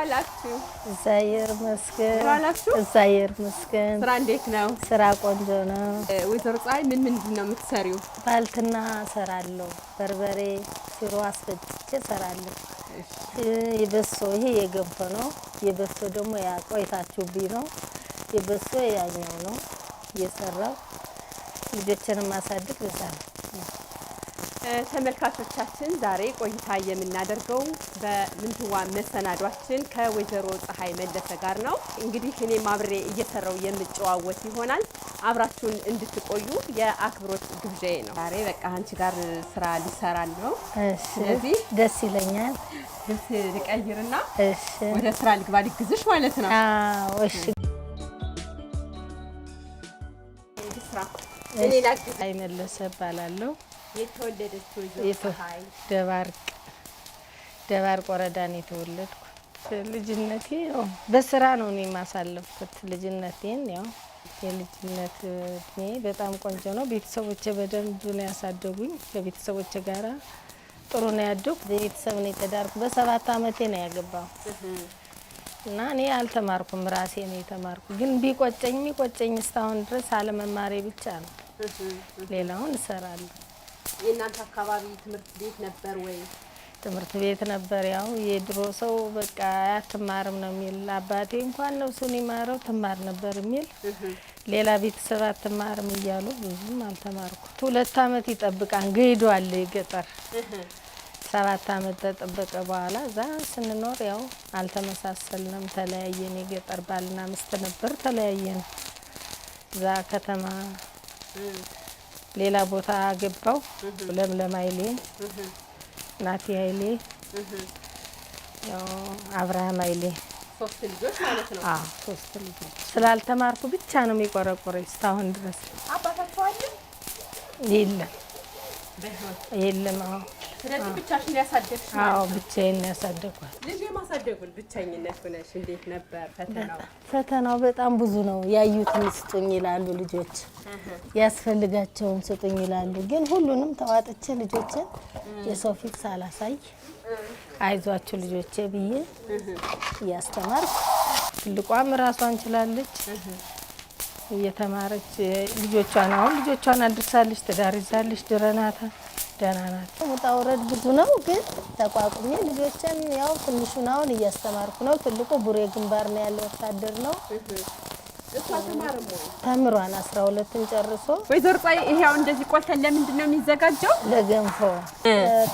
አላችሁ? እግዚአብሔር ይመስገን። እግዚአብሔር ይመስገን። ስራ እንዴት ነው? ስራ ቆንጆ ነው። ወይዘሮ ፀሐይ ምን ምንድን ነው የምትሰሪው? ባልትና ሰራለሁ፣ በርበሬ ሽሮ አስፈጭቼ ሰራለሁ። የበሶ ይሄ የገንፎ ነው። የበሶ ደግሞ ያቆይታችሁብኝ ነው። የበሶ ያኛው ነው የሰራው። ልጆችን ማሳድግ ብዛ ነው ተመልካቾቻችን ዛሬ ቆይታ የምናደርገው በምንትዋ መሰናዷችን ከወይዘሮ ፀሐይ መለሰ ጋር ነው። እንግዲህ እኔ ማብሬ እየሰራው የምጨዋወት ይሆናል። አብራችሁን እንድትቆዩ የአክብሮት ግብዣዬ ነው። ዛሬ በቃ አንቺ ጋር ስራ ሊሰራን ነው። ስለዚህ ደስ ይለኛል። ልብስ ልቀይርና ወደ ስራ ልግባ፣ ልግዝሽ ማለት ነው። ፀሐይ መለሰ እባላለሁ። ደባርቅ ደባርቅ ወረዳ ነው የተወለድኩ። ልጅነቴ ያው በስራ ነው እኔ የማሳለፍኩት። ልጅነቴን ያው የልጅነት እድሜ በጣም ቆንጆ ነው። ቤተሰቦቼ በደንብ ነው ያሳደጉኝ። ከቤተሰቦቼ ጋራ ጥሩ ነው ያደጉ። በቤተሰብ ነው የተዳርኩ። በሰባት አመቴ ነው ያገባው እና እኔ አልተማርኩም፣ ራሴ ነው የተማርኩ። ግን ቢቆጨኝ የሚቆጨኝ እስካሁን ድረስ አለመማሬ ብቻ ነው። ሌላውን እሰራለሁ። የእናንተ አካባቢ ትምህርት ቤት ነበር ወይ? ትምህርት ቤት ነበር። ያው የድሮ ሰው በቃ አትማርም ነው የሚል አባቴ እንኳን ነፍሱን ይማረው ትማር ነበር የሚል ሌላ ቤተሰብ አትማርም እያሉ ብዙም አልተማርኩት። ሁለት አመት ይጠብቃን ገሄዷል ገጠር ሰባት አመት ተጠበቀ በኋላ እዛ ስንኖር ያው አልተመሳሰልንም፣ ተለያየን። የገጠር ባልና ምስት ነበር፣ ተለያየን እዛ ከተማ ሌላ ቦታ ገባው። ለምለም ኃይሌ፣ ናቲ አይሌ አብርሃም አይሌ ሶስት ልጆች ማለት ነው። ሶስት ልጆች። ስላልተማርኩ ብቻ ነው የሚቆረቆረኝ እስካሁን ድረስ። አባታቸው አለ የለም? የለም። አዎ ስለዚህ ብቻሽን ያሳደግሽ? አዎ ብቻዬን ያሳደግኳት። ልጅ የማሳደጉን ብቸኝነት ሆነሽ እንዴት ነበር ፈተናው? ፈተናው በጣም ብዙ ነው። ያዩትን ስጡኝ ይላሉ ልጆች፣ ያስፈልጋቸውን ስጡኝ ይላሉ። ግን ሁሉንም ተዋጥቼ ልጆችን የሰው ፊት ሳላሳይ አይዟችሁ ልጆቼ ብዬ እያስተማርኩ ትልቋም ራሷን ችላለች እየተማረች ልጆቿን አሁን ልጆቿን አድርሳለች፣ ትዳር ይዛለች፣ ድረናታል ደህና ናቸው። ውጣ ውረድ ብዙ ነው፣ ግን ተቋቁሜ ልጆችን ያው ትንሹን አሁን እያስተማርኩ ነው። ትልቁ ቡሬ ግንባር ነው ያለ ወታደር ነው። ተምሯን አስራ ሁለትን ጨርሶ ወይዘሮ ጻይ ይሄው እንደዚህ ቆልተን ለምንድን ነው የሚዘጋጀው? ለገንፎ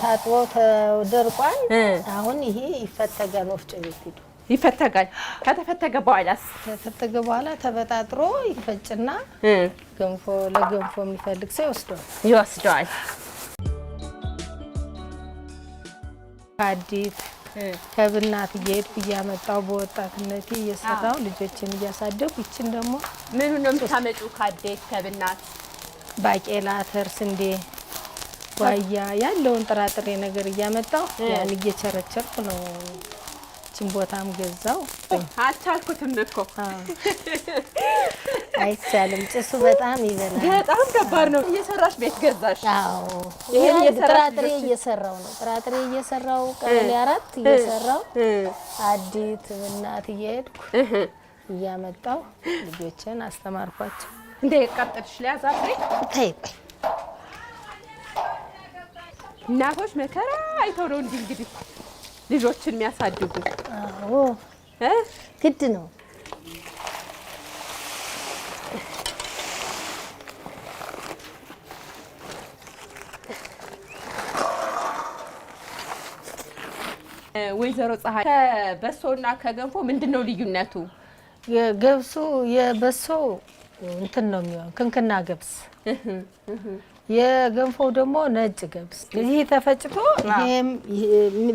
ታጥቦ ተደርቋል። አሁን ይሄ ይፈተጋል፣ ወፍጮ ቤት ሂዱ ይፈተጋል። ከተፈተገ በኋላስ? ከተፈተገ በኋላ ተበጣጥሮ ይፈጭና ገንፎ ለገንፎ የሚፈልግ ሰው ይወስደዋል ይወስደዋል። ከአዲት ከብናት እየሄድኩ እያመጣሁ በወጣትነቴ እየሰራሁ ልጆችን እያሳደጉ ይችን ደግሞ ምኑ ነው የምታመጪው? ከአዴት ከብናት ባቄላ፣ አተር፣ ስንዴ፣ ዋያ ያለውን ጥራጥሬ ነገር እያመጣሁ ያን እየቸረቸርኩ ነው ይችን ቦታም ገዛው። አልቻልኩትም እኮ አይቻልም። ጭሱ በጣም ይበላል። በጣም ከባድ ነው። እየሰራሽ ቤት ገዛሽ? አዎ፣ ይሄን ጥራጥሬ እየሰራው ነው። ጥራጥሬ እየሰራው ቀበሌ አራት እየሰራው አዲት እናት እየሄድኩ እያመጣው ልጆችን አስተማርኳቸው። እንደ ቀጥልሽ ሊያዛፍሬ ተይ እናቶች መከራ አይተው ነው እንዲህ እንግዲህ ልጆችን የሚያሳድጉ ግድ ነው። ወይዘሮ ፀሐይ ከበሶና ከገንፎ ምንድን ነው ልዩነቱ? የገብሱ የበሶ እንትን ነው የሚሆን ክንክና ገብስ የገንፎው ደግሞ ነጭ ገብስ ይህ ተፈጭቶ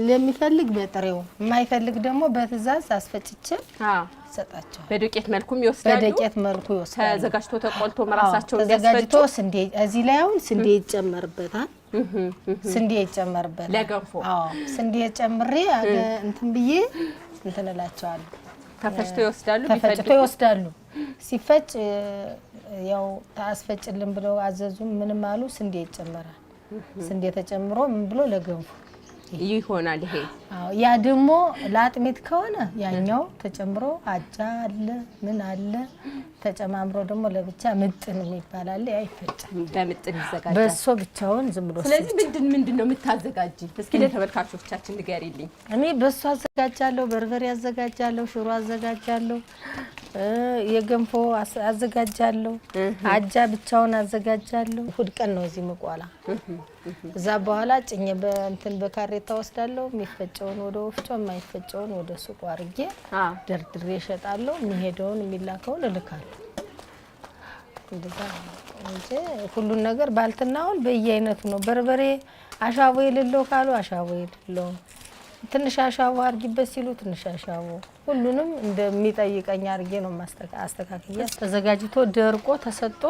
ለሚፈልግ በጥሬው የማይፈልግ ደግሞ በትእዛዝ አስፈጭቼ ሰጣቸው። በዱቄት መልኩም ይወስዳሉ። በዱቄት መልኩ ይወስዳሉ። ተዘጋጅቶ ተቆልቶ ራሳቸው ተዘጋጅቶ ስንዴ እዚህ ላይ አሁን ስንዴ ይጨመርበታል። ስንዴ ይጨመርበታል ለገንፎ። አዎ ስንዴ ጨምሬ እንትን ብዬ እንትን እላቸዋለሁ። ተፈጭቶ ይወስዳሉ። ተፈጭቶ ይወስዳሉ ሲፈጭ ያው ታስፈጭልን ብለው አዘዙ ምንም አሉ ስንዴ ይጨመራል። ስንዴ ተጨምሮ ምን ብሎ ለገንፎ ይሆናል። ይሄ ያ ደግሞ ለአጥሜት ከሆነ ያኛው ተጨምሮ አጃ አለ ምን አለ ተጨማምሮ ደግሞ ለብቻ ምጥን የሚባል አለ። ያ ይፈጫል፣ በምጥን ይዘጋጃል። በእሱ ብቻውን ዝም ብሎ ስለዚህ ምንድን ምንድን ነው የምታዘጋጅ? እስኪ ለተመልካቾቻችን ንገሪልኝ። እኔ በእሱ አዘጋጃለሁ፣ በርበሬ አዘጋጃለሁ፣ ሽሮ አዘጋጃለሁ፣ የገንፎ አዘጋጃለሁ፣ አጃ ብቻውን አዘጋጃለሁ። እሑድ ቀን ነው እዚህ መቋላ እዛ በኋላ ጭኝ በእንትን በካሬታ ወስዳለሁ። የሚፈጨውን ወደ ወፍጮ፣ የማይፈጨውን ወደ ሱቁ አርጌ ደርድሬ እሸጣለሁ። የሚሄደውን የሚላከውን እልካለሁ። እንደዛ እንጂ ሁሉን ነገር ባልትናሁን በየአይነቱ ነው። በርበሬ አሻቦ የሌለው ካሉ አሻቦ የሌለው ትንሽ አሻቦ አድርጊበት ሲሉ ትንሽ አሻቦ ሁሉንም እንደሚጠይቀኝ አድርጌ ነው አስተካክያ ተዘጋጅቶ ደርቆ ተሰጥቶ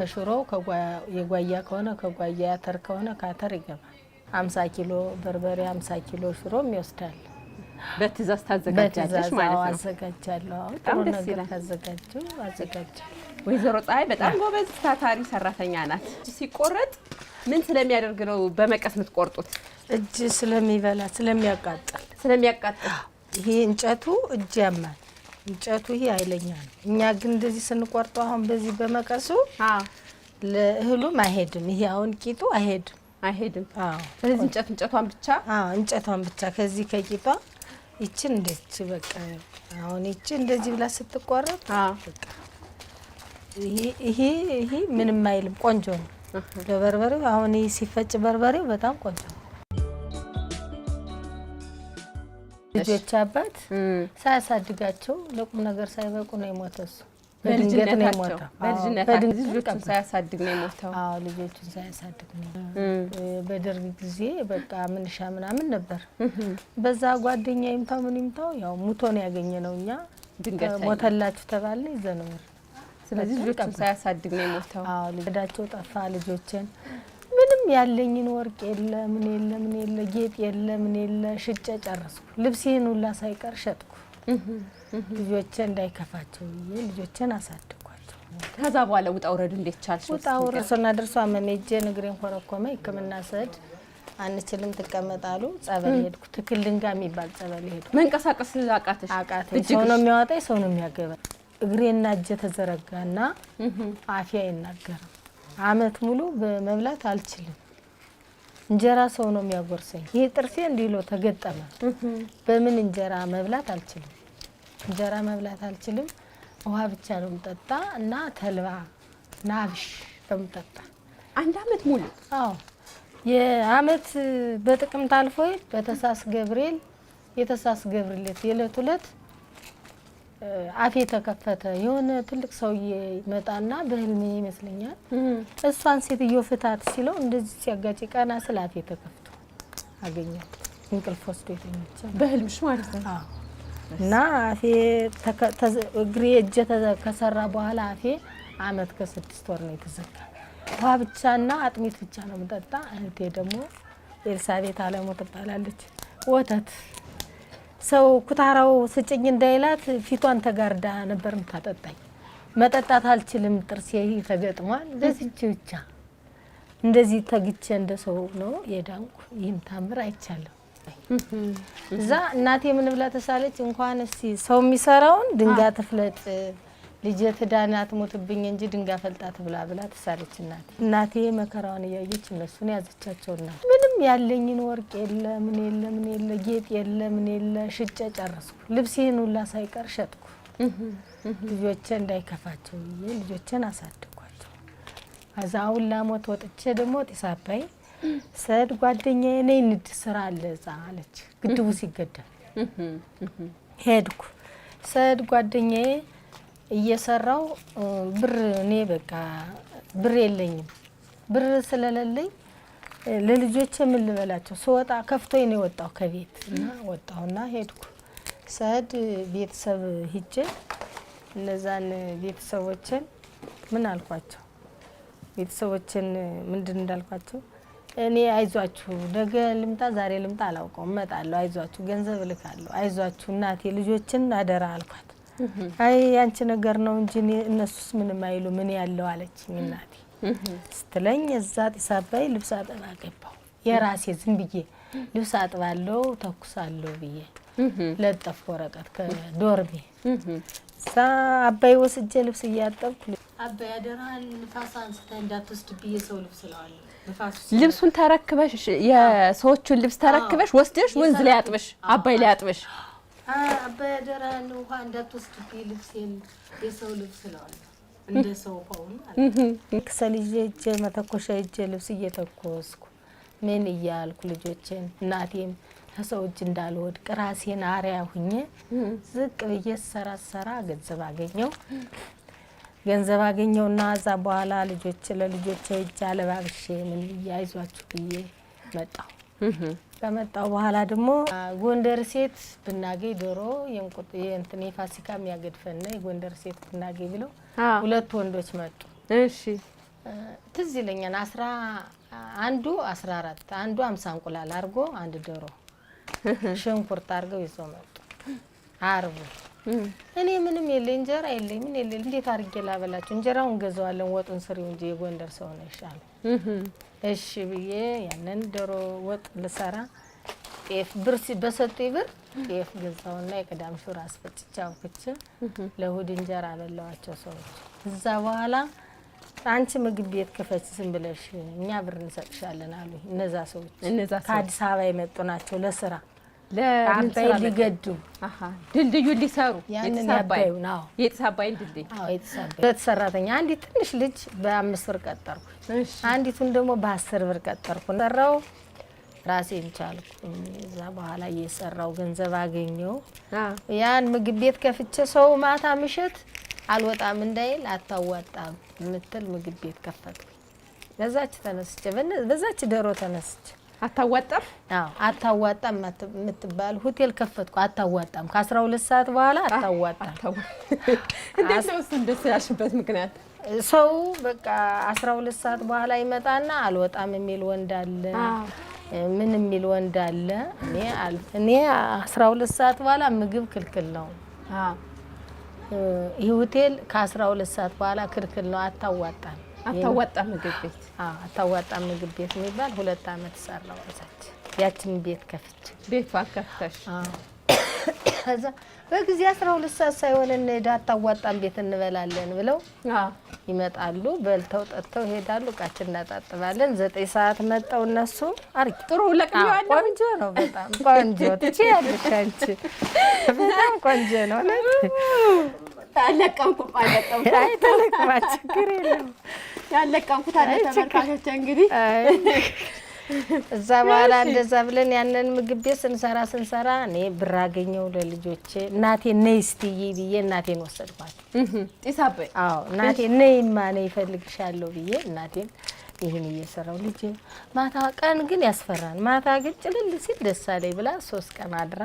ከሽሮ የጓያ ከሆነ ከጓያ ያተር ከሆነ ካተር ይገባል። አምሳ ኪሎ በርበሬ አምሳ ኪሎ ሽሮም ይወስዳል። በትእዛዝ ታዘጋጃለሽ ማለት ነው። አዘጋጃለሁ። ጥሩ አዘጋጃለሁ። ወይዘሮ ፀሐይ በጣም ጎበዝ ታታሪ ሰራተኛ ናት። ሲቆረጥ ምን ስለሚያደርግ ነው በመቀስ የምትቆርጡት? እጅ ስለሚበላ ስለሚያቃጥል ስለሚያቃጥል ይሄ እንጨቱ እጅ ያማል። እንጨቱ ይሄ አይለኛ ነው። እኛ ግን እንደዚህ ስንቆርጠው አሁን በዚህ በመቀሱ ለእህሉም አይሄድም። ይሄ አሁን ቂጡ አይሄድም አይሄድም። ስለዚህ እንጨት እንጨቷን ብቻ እንጨቷን ብቻ ከዚህ ከቂጧ ይችን እንደች በቃ አሁን ይቺ እንደዚህ ብላ ስትቆረጥ ይሄ ይሄ ምንም አይልም። ቆንጆ ነው ለበርበሬው። አሁን ይሄ ሲፈጭ በርበሬው በጣም ቆንጆ ነው። ልጆች አባት ሳያሳድጋቸው ለቁም ነገር ሳይበቁ ነው የሞተው። እሱ በድንገት ነው የሞተው። ልጆቹን ሳያሳድግ ነው የሞተው። ልጆቹን ሳያሳድግ ነው። በደርግ ጊዜ በቃ ምንሻ ምናምን ነበር። በዛ ጓደኛ ይምታው ምን ይምታው ያው ሙቶ ነው ያገኘ ነው። እኛ ሞተላችሁ ተባለ ይዘነው ስለዚህ ልጆቹን ሳያሳድግ ነው የሞተው። ልዳቸው ጠፋ ልጆችን ያለኝን ወርቅ የለ ምን የለ ምን የለ ጌጥ የለ ምን የለ ሽጬ ጨረስኩ። ልብሴን ሁላ ሳይቀር ሸጥኩ። ልጆቼ እንዳይከፋቸው ብዬ ልጆቼን አሳድጓቸው። ከዛ በኋላ ውጣ ውረድ እንዴት ቻል? ውጣ ውረድ ሶና ደርሷ መሜጄ እግሬን ኮረኮመ። ሕክምና ስሄድ አንችልም ትቀመጣሉ። ጸበል ሄድኩ። ትክል ድንጋ የሚባል ጸበል ሄድኩ። መንቀሳቀስ አቃተሽ? አቃተኝ። ሰው ነው የሚያወጣኝ፣ ሰው ነው የሚያገባ። እግሬና እጄ ተዘረጋና አፌ አይናገርም። አመት ሙሉ በመብላት አልችልም። እንጀራ ሰው ነው የሚያጎርሰኝ። ይህ ጥርሴ እንዲሎ ተገጠመ። በምን እንጀራ መብላት አልችልም። እንጀራ መብላት አልችልም። ውሃ ብቻ ነው የምጠጣ እና ተልባ ናብሽ አብሽ ነው የምጠጣ አንድ አመት ሙሉ። አዎ የአመት በጥቅምት አልፎ በተሳስ ገብርኤል የተሳስ ገብርኤል የዕለት ዕለት አፌ ተከፈተ። የሆነ ትልቅ ሰውዬ ይመጣና በህልሜ ይመስለኛል እሷን ሴትዮ ፍታት ሲለው እንደዚህ ሲያጋጭ ቀና ስለ አፌ ተከፍቶ አገኛል። እንቅልፍ ወስዶ የተኞች በህልምሽ ማለት ነው። እና አፌ እግሬ እጀ ከሰራ በኋላ አፌ አመት ከስድስት ወር ነው የተዘጋ። ውሃ ብቻና አጥሚት ብቻ ነው ምጠጣ። እህቴ ደግሞ ኤልሳቤት አለሞ ትባላለች ወተት ሰው ኩታራው ስጭኝ እንዳይላት ፊቷን ተጋርዳ ነበር ምታጠጣኝ። መጠጣት አልችልም፣ ጥርሴ ተገጥሟል። ለዚች ብቻ እንደዚህ ተግቼ እንደ ሰው ነው የዳንኩ። ይህም ታምር አይቻለሁ። እዛ እናቴ ምን ብላ ተሳለች? እንኳን እስኪ ሰው የሚሰራውን ድንጋይ ትፍለጥ ልጄ ትዳን አትሞትብኝ እንጂ ድንጋይ ፈልጣት ብላ ብላ ትሳለች እናቴ። እናቴ መከራውን እያየች እነሱን ያዘቻቸው እናት ምንም ያለኝን ወርቅ የለ ምን የለ ምን የለ ጌጥ የለ ምን የለ ሽጨ ጨረስኩ። ልብሴን ሁላ ሳይቀር ሸጥኩ። ልጆቼ እንዳይከፋቸው ብዬ ልጆቼን አሳድጓቸው ከዛ አሁን ላሞት ወጥቼ ደግሞ ጢስ አባይ ሰድ ጓደኛዬ ነይ ንድ ስራ አለ እዛ አለች። ግድቡ ሲገደም ሄድኩ። ሰድ ጓደኛዬ እየሰራው ብር እኔ በቃ ብር የለኝም። ብር ስለሌለኝ ለልጆች ምን ልበላቸው? ስወጣ ከፍቶኝ ነው የወጣው ከቤት እና ወጣሁና ሄድኩ ሰድ ቤተሰብ ሂጄ እነዛን ቤተሰቦችን ምን አልኳቸው? ቤተሰቦችን ምንድን እንዳልኳቸው እኔ አይዟችሁ፣ ነገ ልምጣ፣ ዛሬ ልምጣ አላውቀውም፣ እመጣለሁ፣ አይዟችሁ፣ ገንዘብ እልካለሁ፣ አይዟችሁ እናቴ ልጆችን አደራ አልኳት። አይ ያንቺ ነገር ነው እንጂ እነሱስ ምንም አይሉ ምን ያለው አለችኝ እናቴ ስትለኝ፣ እዛ ጢስ አባይ ልብስ አጠባ ገባው የራሴ ዝም ብዬ ልብስ አጥባለሁ ተኩሳለሁ ብዬ ለጠፍ ወረቀት ከዶርሜ እዛ አባይ ወስጄ ልብስ እያጠብኩ አባይ አደራህን ንፋስ አንስተህ ብዬ ሰው ልብስ እለዋለሁ። ልብሱን ተረክበሽ የሰዎቹን ልብስ ተረክበሽ ወስደሽ ወንዝ ላይ አጥበሽ አባይ ላይ አጥበሽ በደረህን ውሃ እንዳትወስድብኝ ልብሴን የሰው ልብስ እለዋለሁ። እንደ ሰው ሆኑ ክሰል ይዤ እጄ መተኮሻ እጄ ልብስ እየተኮስኩ ምን እያልኩ ልጆችን እናቴም ከሰው እጅ እንዳልወድቅ ራሴን አሪያ ሁኜ ዝቅ ብዬ ሰራ ሰራ ገንዘብ አገኘው ገንዘብ አገኘውና እዛ በኋላ ልጆች ለልጆች እጅ አለባብሼ ምን እያይዟችሁ ብዬ መጣሁ። ከመጣው በኋላ ደግሞ ጎንደር ሴት ብናገኝ ዶሮ የእንትን የፋሲካ የሚያገድፈና የጎንደር ሴት ብናጌ ብለው ሁለት ወንዶች መጡ። እሺ ትዝ ይለኛል። አስራ አንዱ አስራ አራት አንዱ አምሳ እንቁላል አድርጎ አንድ ዶሮ ሽንኩርት አድርገው ይዞ መጡ አርቡ እኔ ምንም የለኝ እንጀራ የለኝ ምን የለኝ። እንዴት አድርጌ ላበላቸው እንጀራውን ገዛዋለን፣ ወጡን ስሪው እንጂ የጎንደር ሰው ነው ይሻል። እሺ ብዬ ያንን ዶሮ ወጥ ልሰራ ጤፍ ብር በሰጡ ብር ጤፍ ገዛውና የቅዳም ሹር አስፈጭቼ ክች ለእሑድ እንጀራ አበላዋቸው ሰዎች። እዛ በኋላ አንቺ ምግብ ቤት ክፈች ዝም ብለሽ እኛ ብር እንሰጥሻለን አሉ እነዛ ሰዎች። ከአዲስ አበባ የመጡ ናቸው ለስራ ለአባይ ሊገዱ ድልድዩን ሊሰሩ የጢስ አባይን ድልድይ ሁለት ሰራተኛ አንዲት ትንሽ ልጅ በአምስት ብር ቀጠርኩ፣ አንዲቱን ደግሞ በአስር ብር ቀጠርኩ። ሰራው ራሴን ቻልኩ። እዛ በኋላ እየሰራው ገንዘብ አገኘው። ያን ምግብ ቤት ከፍቼ ሰው ማታ ምሽት አልወጣም እንዳይል አታዋጣም የምትል ምግብ ቤት ከፈትኩ። በዛች ተነስቼ በዛች ደሮ ተነስቼ አታዋጣም አታዋጣም የምትባል ሆቴል ከፈትኩ። አታዋጣም ከአስራ ሁለት ሰዓት በኋላ አታዋጣም። እንዴት ነው እሱ እንደሱ ያልሽበት ምክንያት? ሰው በቃ ሁለት ሰዓት በኋላ ይመጣና አልወጣም የሚል ወንድ አለ፣ ምን የሚል ወንድ አለ። እኔ ሁለት ሰዓት በኋላ ምግብ ክልክል ነው። ይህ ሆቴል ከአስራ ሁለት ሰዓት በኋላ ክልክል ነው፣ አታዋጣም አታዋጣ ምግብ ቤት አታዋጣ ምግብ ቤት የሚባል ሁለት አመት ሰራው እዛች ያችን ቤት ከፍቼ ቤት ከፍተሽ ከዛ በጊዜ አስራ ሁለት ሰዓት ሳይሆን እንሄዳ አታዋጣም ቤት እንበላለን ብለው ይመጣሉ። በልተው ጠጥተው ይሄዳሉ። እቃችን እናጣጥባለን። ዘጠኝ ሰዓት መጣው እነሱ አሪፍ ጥሩ ቆንጆ ነው። በጣም ቆንጆ ትችያለሽ አንቺ በጣም ቆንጆ ነው። አለቀምኩም አለቀም ተለቅማ ችግር የለም ያለቀምኩት አለ ተመልካቾች እንግዲህ እዛ በኋላ እንደዛ ብለን ያንን ምግብ ቤት ስንሰራ ስንሰራ እኔ ብር አገኘው ለልጆቼ እናቴ ነይ ስትይ ብዬ እናቴን ወሰድኳት። አዎ እናቴ ነይማ ነይ እፈልግሻለሁ ብዬ እናቴን ይህን እየሰራው ልጅ ማታ ቀን ግን ማታ ግን ጭልል ሲል ደስ አለኝ ብላ ሶስት ቀን አድራ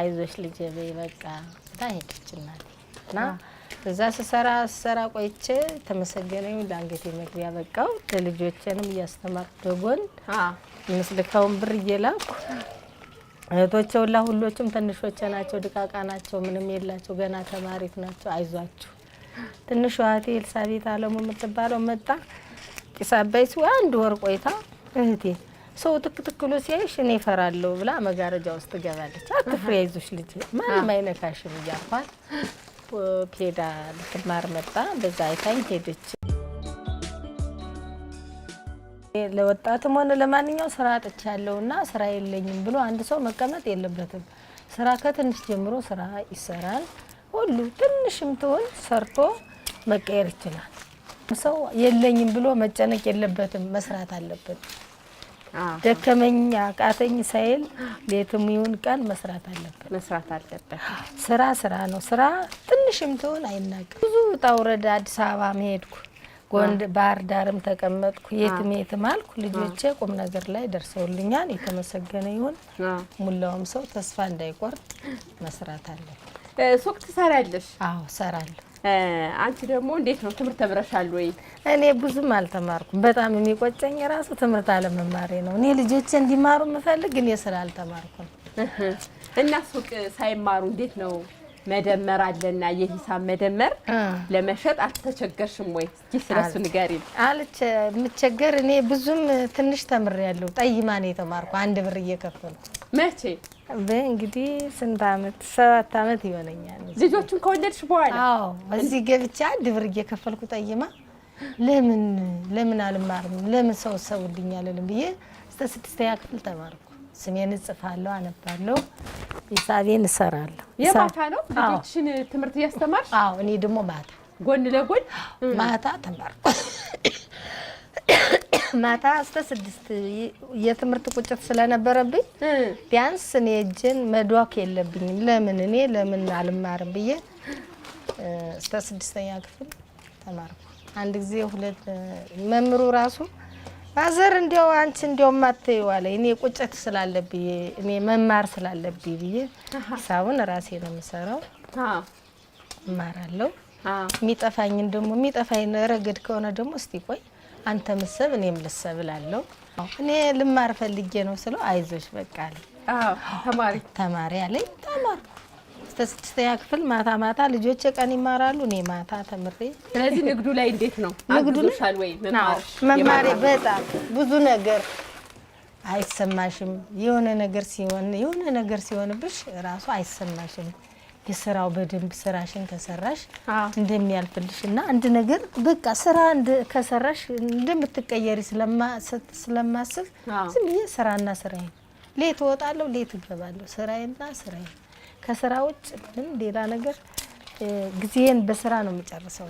አይዞሽ በይ በቃ እናቴ እና እዛ ስሰራ ስሰራ ቆይቼ ተመሰገነኝ ለአንገቴ መግቢያ በቃው። ለልጆቼንም እያስተማርኩ በጎን ምስልከውን ብር እየላኩ እህቶቼ ሁላ ሁሎቹም ትንሾቼ ናቸው፣ ድቃቃ ናቸው፣ ምንም የላቸው ገና ተማሪት ናቸው። አይዟችሁ ትንሿ እህቴ ኤልሳቤት አለሙ የምትባለው መጣ ጢስ አባይ ሲ አንድ ወር ቆይታ እህቴ ሰው ትክትክሎ ሲያይሽ እኔ እፈራለሁ ብላ መጋረጃ ውስጥ ገባለች። አትፍሪ፣ አይዞሽ ልጅ ማንም አይነካሽም እያልኳት ፔዳ ልትማር መጣ። በዛ አይታኝ ሄደች። ለወጣትም ሆነ ለማንኛው ስራ አጥቻለሁ እና ስራ የለኝም ብሎ አንድ ሰው መቀመጥ የለበትም። ስራ ከትንሽ ጀምሮ ስራ ይሰራል። ሁሉ ትንሽም ትሆን ሰርቶ መቀየር ይችላል። ሰው የለኝም ብሎ መጨነቅ የለበትም። መስራት አለበት። ደከመኝ አቃተኝ ሳይል ሌትም ይሁን ቀን መስራት አለበት መስራት አለበት። ስራ ስራ ነው። ስራ ትንሽም ትሆን አይናቅም። ብዙ ውጣ ውረድ አዲስ አበባም ሄድኩ፣ ባህር ዳርም ተቀመጥኩ፣ የትም የትም አልኩ። ልጆቼ ቁም ነገር ላይ ደርሰውልኛል። የተመሰገነ ይሁን። ሙላውም ሰው ተስፋ እንዳይቆርጥ መስራት አለበት። ሱቅ ትሰሪያለሽ? አዎ እሰራለሁ። አንቺ ደግሞ እንዴት ነው ትምህርት ተምረሻል ወይ? እኔ ብዙም አልተማርኩም። በጣም የሚቆጨኝ የራሱ ትምህርት አለመማሬ ነው። እኔ ልጆቼ እንዲማሩ የምፈልግ እኔ ስራ አልተማርኩም እና ሱቅ ሳይማሩ እንዴት ነው መደመር አለና የሂሳብ መደመር ለመሸጥ አልተቸገርሽም ወይ? እስኪ ስለሱ ንገሪ። አልቸ የምቸገር እኔ ብዙም ትንሽ ተምሬያለሁ። ጠይማ ነው የተማርኩ አንድ ብር እየከፈልኩ መቼ እንግዲህ ስንት አመት ሰባት አመት ይሆነኛል። ልጆቹን ከወለድሽ በኋላ አዎ፣ እዚህ ገብቻ አንድ ብር እየከፈልኩ ጠይማ ለምን ለምን አልማርም ለምን ሰው ሰውልኛል ልም ብዬ እስከ ስድስተኛ ክፍል ተማርኩ። ስሜን እጽፋለሁ፣ አነባለሁ፣ ሂሳቤን እሰራለሁ። የማታ ነው ልጆችን ትምህርት አዎ፣ እኔ ደግሞ ማታ ጎን ለጎን ማታ ተማርኩ። ማታ እስከ ስድስት የትምህርት ቁጭት ስለነበረብኝ ቢያንስ እኔ እጄን መዷክ የለብኝም። ለምን እኔ ለምን አልማርም ብዬ እስከ ስድስተኛ ክፍል ተማርኩ። አንድ ጊዜ ሁለት መምሩ ራሱ ማዘር እንዲያው አንቺ እንዲያው ማትይው አለ እኔ ቁጭት ስላለብኝ እኔ መማር ስላለብኝ ብዬ ሂሳቡን ራሴ ነው የምሰራው። እማራለሁ። የሚጠፋኝን ደግሞ የሚጠፋኝ ረገድ ከሆነ ደግሞ እስቲ ቆይ አንተ ምሰብ እኔም ልሰብ እላለሁ። እኔ ልማር ፈልጌ ነው ስለው አይዞሽ በቃ አለኝ። ተማሪ ተማሪ አለኝ። ተማርኩ እስከ ስድስተኛ ክፍል ማታ ማታ ልጆች ቀን ይማራሉ፣ እኔ ማታ ተምሬ። ስለዚህ ንግዱ ላይ እንዴት ነው ንግዱ ላይ መማሬ በጣም ብዙ ነገር አይሰማሽም። የሆነ ነገር ሲሆን የሆነ ነገር ሲሆንብሽ ራሱ አይሰማሽም የስራው በደንብ ስራሽን ከሰራሽ እንደሚያልፍልሽ እና አንድ ነገር በቃ ስራ ከሰራሽ እንደምትቀየሪ ስለማስብ ዝም ብዬ ስራና ስራዬን ሌት እወጣለሁ፣ ሌት እገባለሁ። ስራዬና ስራዬን ከስራ ውጭ ምንም ሌላ ነገር ጊዜን በስራ ነው የምጨርሰው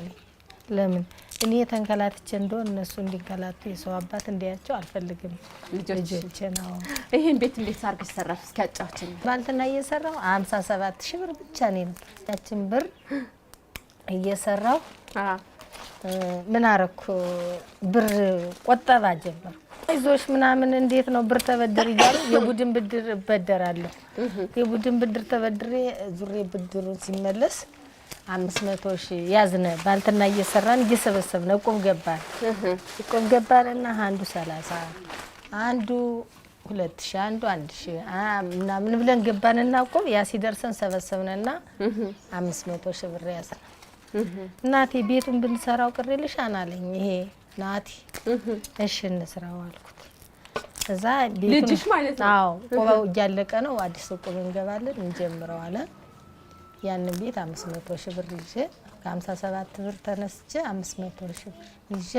ለምን እኔ የተንከላትቼ እንደሆን እነሱ እንዲንከላቱ የሰው አባት እንዲያቸው አልፈልግም። ልጆች ነው። ይህን ቤት እንዴት አድርገሽ ሰራሽ? እስኪ ያጫውችን። ባልትና እየሰራው ሀምሳ ሰባት ሺህ ብር ብቻ ነው ያችን ብር እየሰራው ምን አረኩ? ብር ቆጠባ ጀመር አይዞሽ ምናምን እንዴት ነው ብር ተበድር እያሉ የቡድን ብድር እበደራለሁ። የቡድን ብድር ተበድሬ ዙሬ ብድሩን ሲመለስ አምስት መቶ ሺህ ያዝነ ባልትና እየሰራን እየሰበሰብነ እቁብ ገባን። እቁብ ገባንና አንዱ ሰላሳ አንዱ ሁለት ሺህ አንዱ አንድ ሺህ ምናምን ብለን ገባንና እቁብ ያ ሲደርሰን ሰበሰብንና አምስት መቶ ሺህ ብር ያዝነ። እናቴ ቤቱን ብንሰራው ቅር ይልሻል አለኝ። ይሄ ናቲ እሺ እንስራው አልኩት። እዛ ቤቱ ልጅሽ ማለት ነው። አዎ እያለቀ ነው። አዲስ እቁብ እንገባለን እንጀምረዋለን ያንን ቤት አምስት መቶ ሺህ ብር ይዤ ከሀምሳ ሰባት ብር ተነስቼ አምስት መቶ ሺህ ብር ይዤ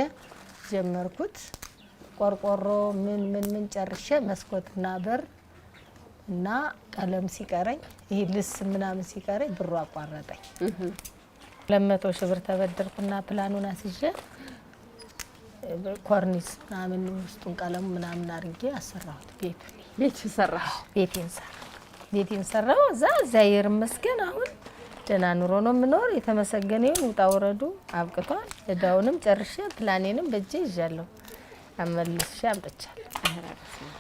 ጀመርኩት። ቆርቆሮ ምን ምን ምን ጨርሼ መስኮትና በር እና ቀለም ሲቀረኝ ይሄ ልስ ምናምን ሲቀረኝ ብሩ አቋረጠኝ። ሁለት መቶ ሺህ ብር ተበደርኩና ፕላኑን አስይዤ ኮርኒስ ምናምን ውስጡን ቀለሙ ምናምን አድርጌ አሰራሁት ቤቱ ቤት ሰራ ቤቴን ሰራ ቤቴን ሰራው። እዛ እግዚአብሔር ይመስገን አሁን ደህና ኑሮ ነው የምኖር። የተመሰገነ ይሁን። ውጣ ወረዱ አብቅቷል። እዳውንም ጨርሼ ፕላኔንም በእጄ ይዣለሁ። አመልሼ አምጥቻለሁ።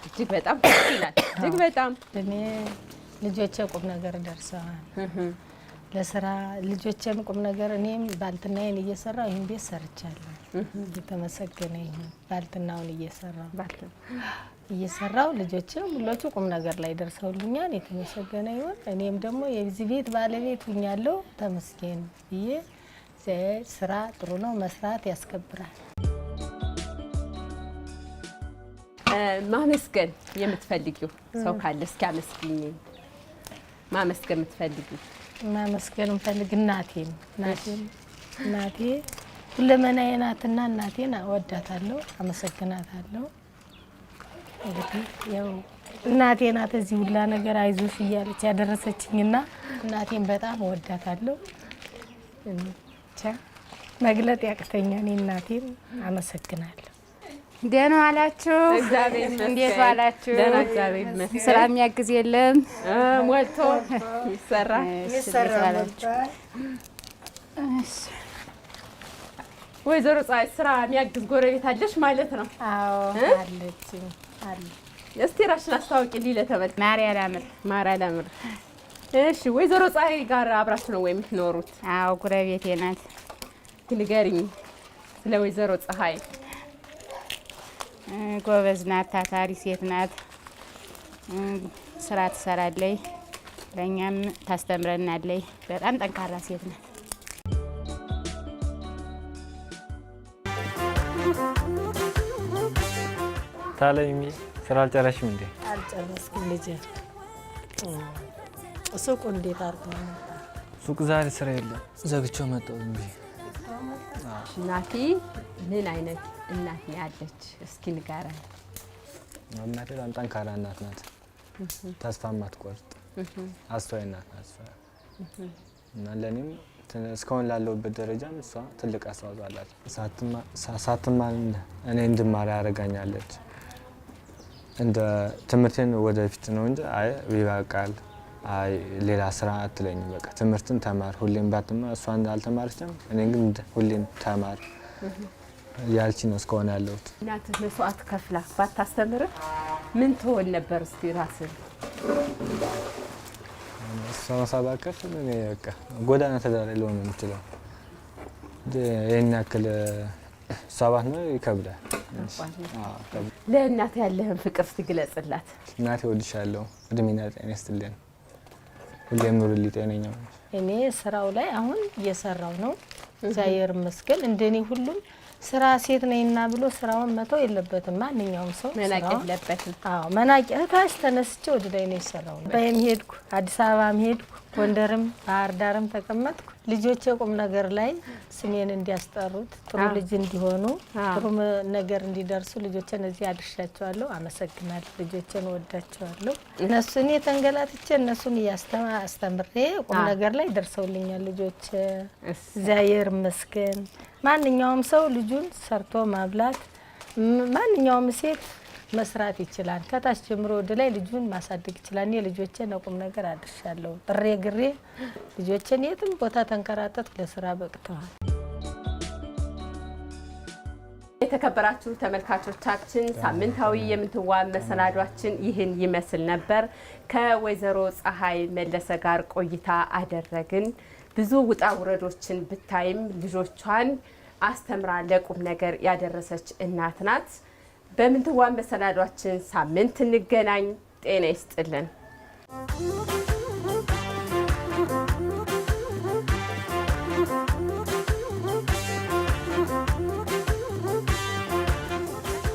እጅግ በጣም ይላል። እጅግ በጣም እኔ ልጆቼ ቁም ነገር ደርሰዋል። ለስራ ልጆቼም ቁም ነገር እኔም ባልትናዬን እየሰራው ይህን ቤት ሰርቻለሁ። የተመሰገነ ይሁን ባልትናውን እየሰራው እየሰራው ልጆችም ሁለቱ ቁም ነገር ላይ ደርሰውልኛል። የተመሰገነ ይሁን። እኔም ደግሞ የዚህ ቤት ባለቤት ሁኛለሁ። ተመስገን ብዬ ስራ ጥሩ ነው፣ መስራት ያስከብራል። ማመስገን የምትፈልጊው ሰው ካለ እስኪ አመስግኝ። ማመስገን የምትፈልጊው? ማመስገን ምፈልግ እናቴን እናቴ ሁለመናዬ ናትና እናቴን እወዳታለሁ፣ አመሰግናታለሁ። እንግዲህ ያው እናቴ ናት እዚህ ሁላ ነገር አይዞሽ እያለች ያደረሰችኝና እናቴን በጣም ወዳታለሁ። ብቻ መግለጥ ያቅተኛል። እናቴን አመሰግናለሁ። ደህና ዋላችሁ? እንዴት ዋላችሁ? ስራ የሚያግዝ የለም ሞልቶ ይሰራል። ወይዘሮ ፀሐይ ስራ የሚያግዝ ጎረቤት አለሽ ማለት ነው? አዎ አለችኝ። አሉ። እስቲ ራስሽን አስታውቂ እንዲህ ለተበል ማርያ ላምር ማርያ እሺ ወይዘሮ ፀሐይ ጋር አብራችሁ ነው ወይ የምትኖሩት? አዎ ጉረቤቴ ናት። ንገሪኝ ስለ ወይዘሮ ፀሐይ። ጎበዝ ናት፣ ታታሪ ሴት ናት። ስራ ትሰራለች፣ ለእኛም ታስተምረናለች። በጣም ጠንካራ ሴት ናት። ታለሚ ስራ አልጨረሽም እንዴ? አልጨረስኩም ልጄ። ሱቁ እንዴት አድርጎ ሱቅ ዛሬ ስራ የለም ዘግቼው መጣሁ። እንዴ ናቲ፣ ምን አይነት እናት ያለች እስኪ ንገረን። እናቴ በጣም ጠንካራ እናት ናት። ተስፋ ማትቆርጥ አስተዋይ እናት ናት። እና ለእኔም እስካሁን ላለሁበት ደረጃም እሷ ትልቅ አስተዋጽኦ አላት። ሳትማ እኔ እንድማር ያደርጋኛለች። እንደ ትምህርቴን ወደፊት ነው እንጂ አይ ይበቃል፣ አይ ሌላ ስራ አትለኝም። በቃ ትምህርትን ተማር፣ ሁሌም ባትማ እሷ አልተማረችም። እኔ ግን ሁሌም ተማር ያልቺ ነው እስከሆነ ያለሁት። እናት መስዋዕት ከፍላ ባታስተምር ምን ትሆን ነበር? እስቲ ራስን እሷ መስዋዕት እኔ በቃ ጎዳና ተዳሪ ልሆን የምችለው ይህን ያክል ሰባት ነው ይከብዳል። ለእናት ያለህን ፍቅር ስትግለጽላት። እናቴ ወድሻለሁ፣ እድሜና ጤና ይስጥልን፣ ሁሌም ኑርልኝ፣ ጤነኛ እኔ ስራው ላይ አሁን እየሰራው ነው፣ እግዚአብሔር ይመስገን። እንደኔ ሁሉም ስራ ሴት ነኝና ብሎ ስራውን መተው የለበትም። ማንኛውም ሰው መናቅ የለበትም። አዎ መናቅ። ታች ተነስቼ ወደ ላይ ነው የሰራው። በየም ሄድኩ፣ አዲስ አበባም ሄድኩ ጎንደርም ባህር ዳርም ተቀመጥኩ። ልጆች የቁም ነገር ላይ ስሜን እንዲያስጠሩት ጥሩ ልጅ እንዲሆኑ ጥሩ ነገር እንዲደርሱ ልጆችን እዚህ አድርሻቸዋለሁ። አመሰግናለሁ። ልጆችን ወዳቸዋለሁ። እነሱን የተንገላትቼ ተንገላትቼ እነሱን እያስተምሬ ቁም ነገር ላይ ደርሰውልኛል ልጆች። እግዚአብሔር ይመስገን። ማንኛውም ሰው ልጁን ሰርቶ ማብላት ማንኛውም ሴት መስራት ይችላል። ከታች ጀምሮ ወደ ላይ ልጁን ማሳደግ ይችላል። እኔ ልጆቼን ነቁም ነገር አድርሻለሁ። ጥሬ ግሬ ልጆቼን የትም ቦታ ተንከራተት ለስራ በቅተዋል። የተከበራችሁ ተመልካቾቻችን ሳምንታዊ የምንትዋብ መሰናዷችን ይህን ይመስል ነበር። ከወይዘሮ ፀሐይ መለሰ ጋር ቆይታ አደረግን። ብዙ ውጣ ውረዶችን ብታይም ልጆቿን አስተምራ ለቁም ነገር ያደረሰች እናት ናት። በምንትዋን መሰናዷችን ሳምንት እንገናኝ። ጤና ይስጥልን።